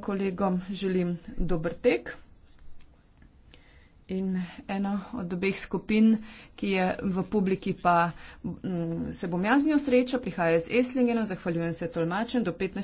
kolegom želim dober tek. In eno od obeh skupin, ki je v publiki, pa m, mm, se bom jaz z njo srečal, prihaja iz Eslingena, zahvaljujem se tolmačem, do 15.